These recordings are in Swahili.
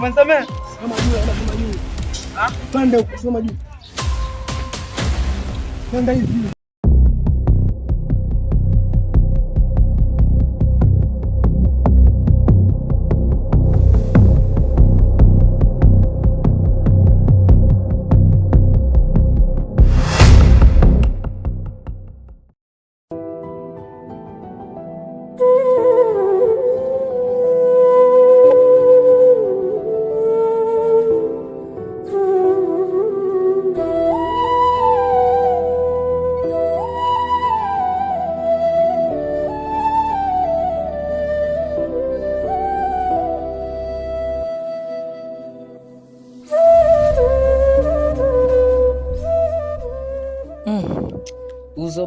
Umenisamehe? Kama juu ama kama juu. Ah? Panda huko, soma juu. Panda hivi.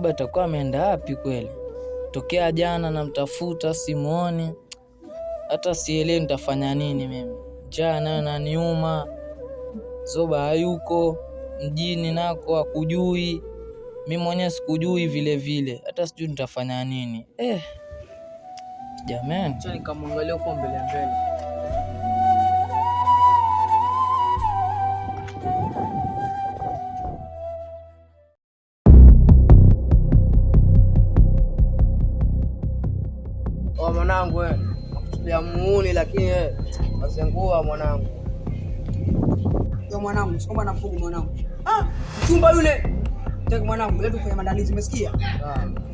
baba atakuwa ameenda wapi kweli? Tokea jana namtafuta simuoni, hata sielewi nitafanya nini mimi. Njaa nayo naniuma, Zoba hayuko mjini, nako akujui mi mwenyewe sikujui vile vile, hata sijui nitafanya nini eh. Jamani, acha nikamwangalia huko mbele mbele. mwanangu, nakuchukulia muuni, lakini mazengua mwanangu. Yo mwanangu, sikomba na fugu mwanangu. Ah, mchumba yule. Teki mwanangu, hebu tufanye maandalizi, umesikia?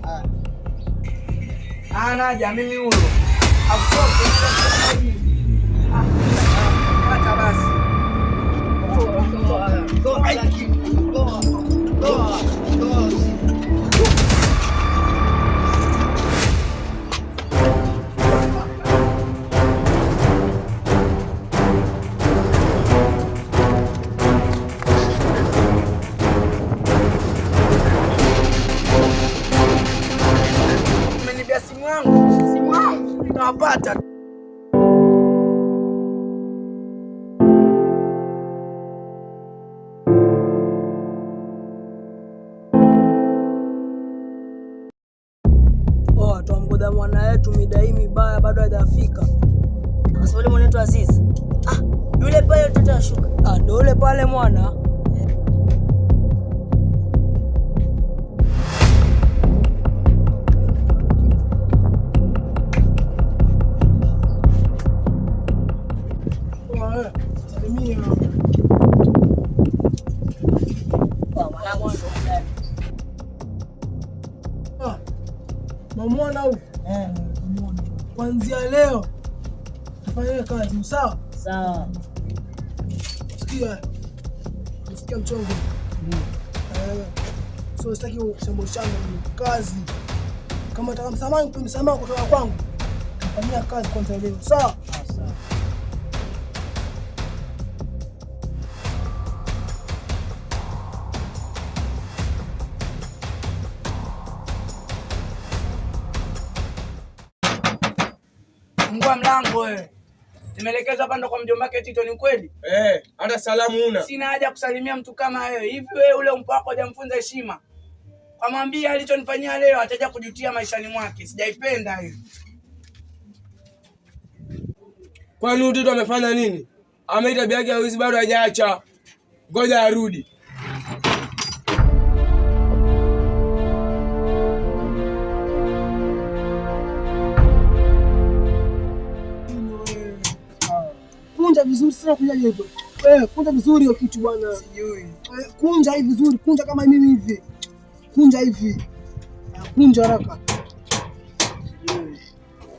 Ah. Ah, naja mimi huyo. Afuko. Kata basi. go, go, go, go, go udha mwana yetu midai mibaya bado hajafika. Asema yule mwanetu Aziz. Ah, yule pale mtoto ashuka. Ah, ndio yule pale mwana. Umemwona huyu? Eh, leo tafanya kazi, sawa? Sawa. Sikia. Sikia mchongo. Mm. Eh, so sitaki ushambushane kazi. Kama nataka msamaha, msamaha kutoka kwangu. Tafanyia kazi kwanza leo. Sawa? wewe. Nimeelekezwa hapa ndo kwa mjomba wake Tito, ni kweli? Eh, hata salamu una. Sina haja kusalimia mtu kama wewe. Hivi wewe ule mpo wako hujamfunza heshima. Kamwambia alichonifanyia leo ataja kujutia maishani mwake. Sijaipenda hiyo. Kwani huyu Tito amefanya nini? Ameita biagi hawezi bado hajaacha. Ngoja arudi. sasa kujaje hivyo? Eh, kunja vizuri hiyo kitu bwana. Sijui. Eh, Kunja hivi vizuri, kunja kama mimi hivi. Kunja hivi. Kunja haraka.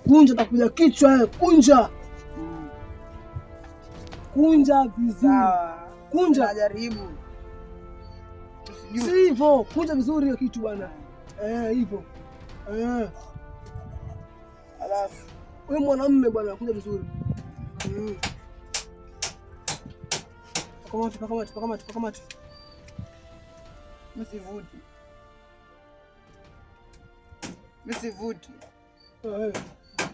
Kunja takuja kichwa eh, kunja. Kunja vizuri. Kunja. Jaribu. Si hivyo, kunja vizuri hiyo kitu bwana. Eh, hivyo. Eh. Alafu wewe mwanamume bwana, kunja vizuri. Mm. Pakamatu, pakamatu, pakamatu, pakamatu. Msivutu. Msivutu.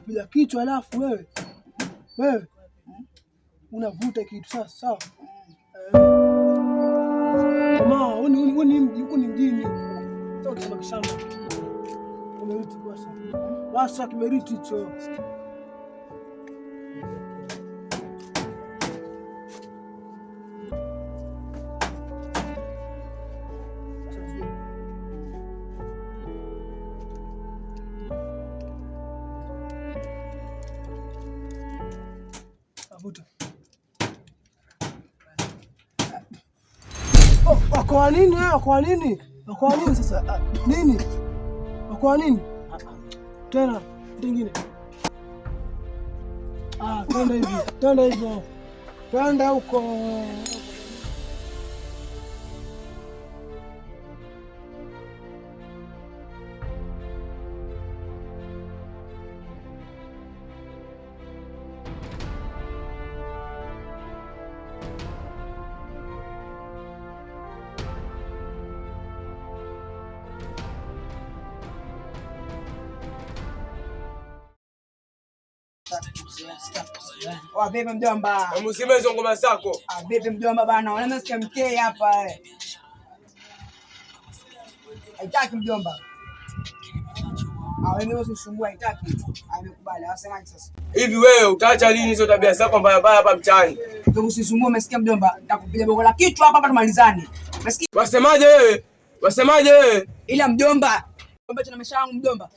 Bila kichwa alafu wewe. Wewe. Unavuta kitu sawa sawa. Kama uni uni uni yuko ni mjini. Sasa kishamba. Umeriti kwa sasa. Wasa kimeriti cho. Wakoa nini wewe? Wakoa nini? Wakoa nini sasa? Ah, nini? Wakoa nini? Tena nyingine. Ah, twende hivi. Twende hivyo. Twende huko. Wavipi oh, mjomba? Msiba hizo ngoma zako. Ah, vipi mjomba bana? Unaona sikia mkei hapa. Eh. Haitaki mjomba. Ah, ah, Hivi wewe utaacha lini hizo tabia zako mbaya mbaya hapa mtaani? Usisumbue, umesikia mjomba? Nitakupiga bogo la kichwa hapa hapa tumalizane. Umesikia? Wasemaje wewe? Wasemaje wewe? Ila mjomba, mjomba tuna mesha yangu mjomba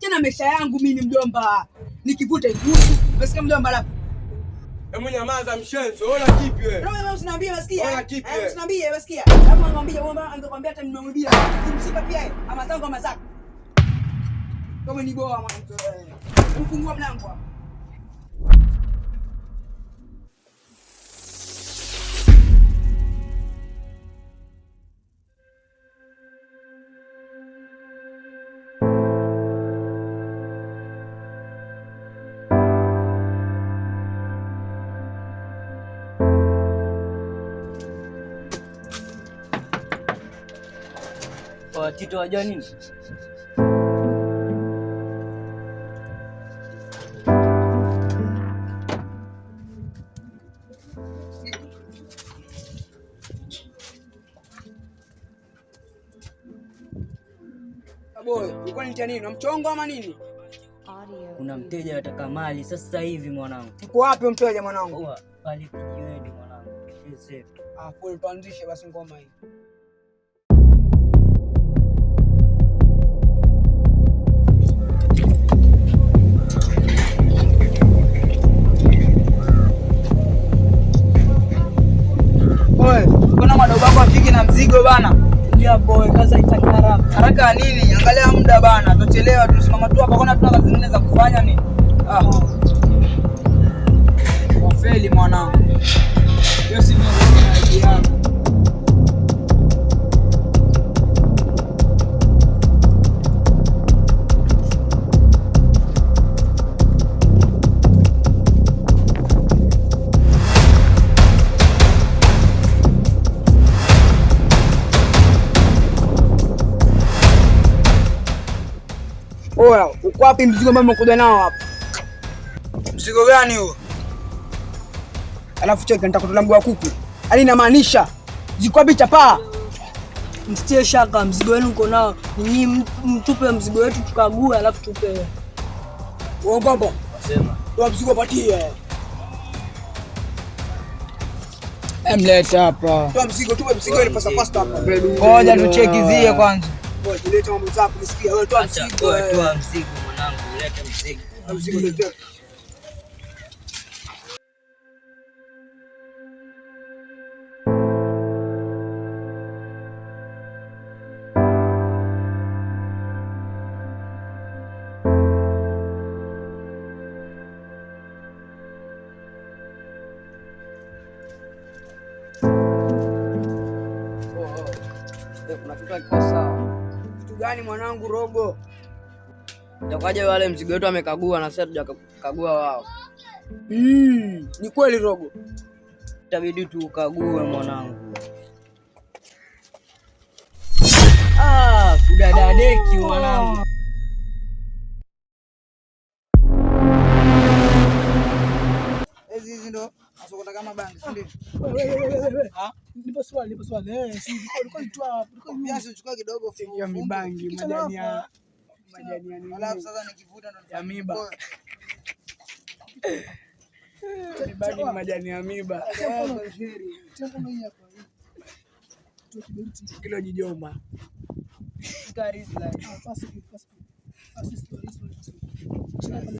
tena maisha yangu mimi mjomba, nikivuta ikusu. Umesikia mjomba? Alafu hebu nyamaza mshenzi, ona kipi wewe? Wewe usiniambie, masikia, Ona kipi wewe? Usiniambie, unasikia? Hapo anamwambia kwamba angekwambia hata nimemwibia. Kimsipa pia yeye, ama zangu ama zako. Kama ni boa mwanangu. Ufungua mlango hapo. Tito wajua nini? ama nini? Kuna mteja anataka mali sasa hivi mwanangu. Uko wapi mteja mwanangu? Pale kijiweni mwanangu. Pale panzishe ah, basi ngoma hii. ndo bana. Ndio boy, kaza itaki haraka. Haraka nini? Angalia muda bana, tu, tusimama tu hapa kona, tuna kazi zingine za kufanya ni. Ah. Wafeli mwanangu. Hiyo si ndio idea yangu. Oya, uko wapi mzigo ambao umekuja nao hapa? Mzigo gani huo? Alafu cheki nitakutolea mguu wa kuku. Yaani inamaanisha ziko wapi chapa? Msitie shaka mzigo wenu uko nao. Ninyi mtupe mzigo wetu tukague alafu tupe. Uongo baba, sema. Wa mzigo patie. Emleta hapa. Toa mzigo tupe mzigo ni fast fast hapa. Ngoja tuchekizie kwanza mambo leta mambo zako, nisikia wewe, toa mzigo, toa mzigo mwanangu, leta mzigo, oh, mzigo oh. leta eh, Kuna kitu hakiko sawa gani mwanangu robo? takaja wale mzigo wetu amekagua na sasa tujakagua wao? Mm, ni kweli robo. Itabidi tukague mwanangu. Ah, kudadadeki mwanangu. unakota kama bangi, si ndio? Ah? Nipo swali, nipo swali. Eh, si ulikuwa kidogo ya mibangi, majani ya majani ya nini? Alafu sasa nikivuta ndo miba. Mibangi ni majani ya miba. Eh, Kilo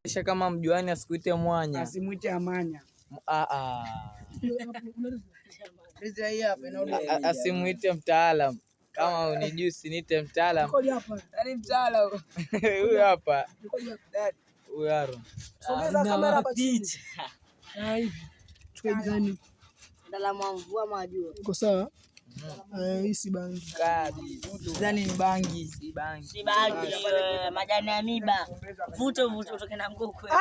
Kisha ah, kama mjuani asikuite mwanya. amanya. Ah, ah. Asimwite mtaalam kama unijui, sinite mtaalam. Yaani huyu hapa huyu ah, mm-hmm. eh, ni bangi, majani ya miba, vuto vuto, utoke na nguku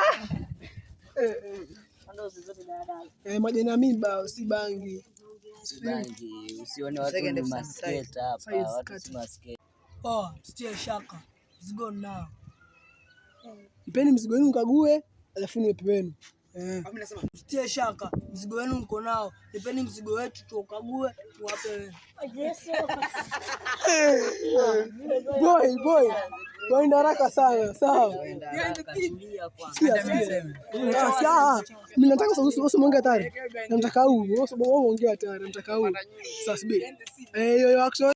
Eh, majani ya miba usibangi. Usibangi, usione watu ni masketa hapa, watu si masketa. Oh, msitie shaka. Mzigo nao. Eh. Ipeni mzigo wenu mkague, alafu niwepe wenu. Eh. Msitie shaka, mzigo wenu mko nao. Nipeni mzigo wetu tuukague, tuwape. Boy, boy. Waenda haraka sana, sawa. Mimi nataka sasa usimuongee hatari. Nataka huyu, wewe ongea hatari, nataka huyu. Sasa subiri. Eh, hiyo action.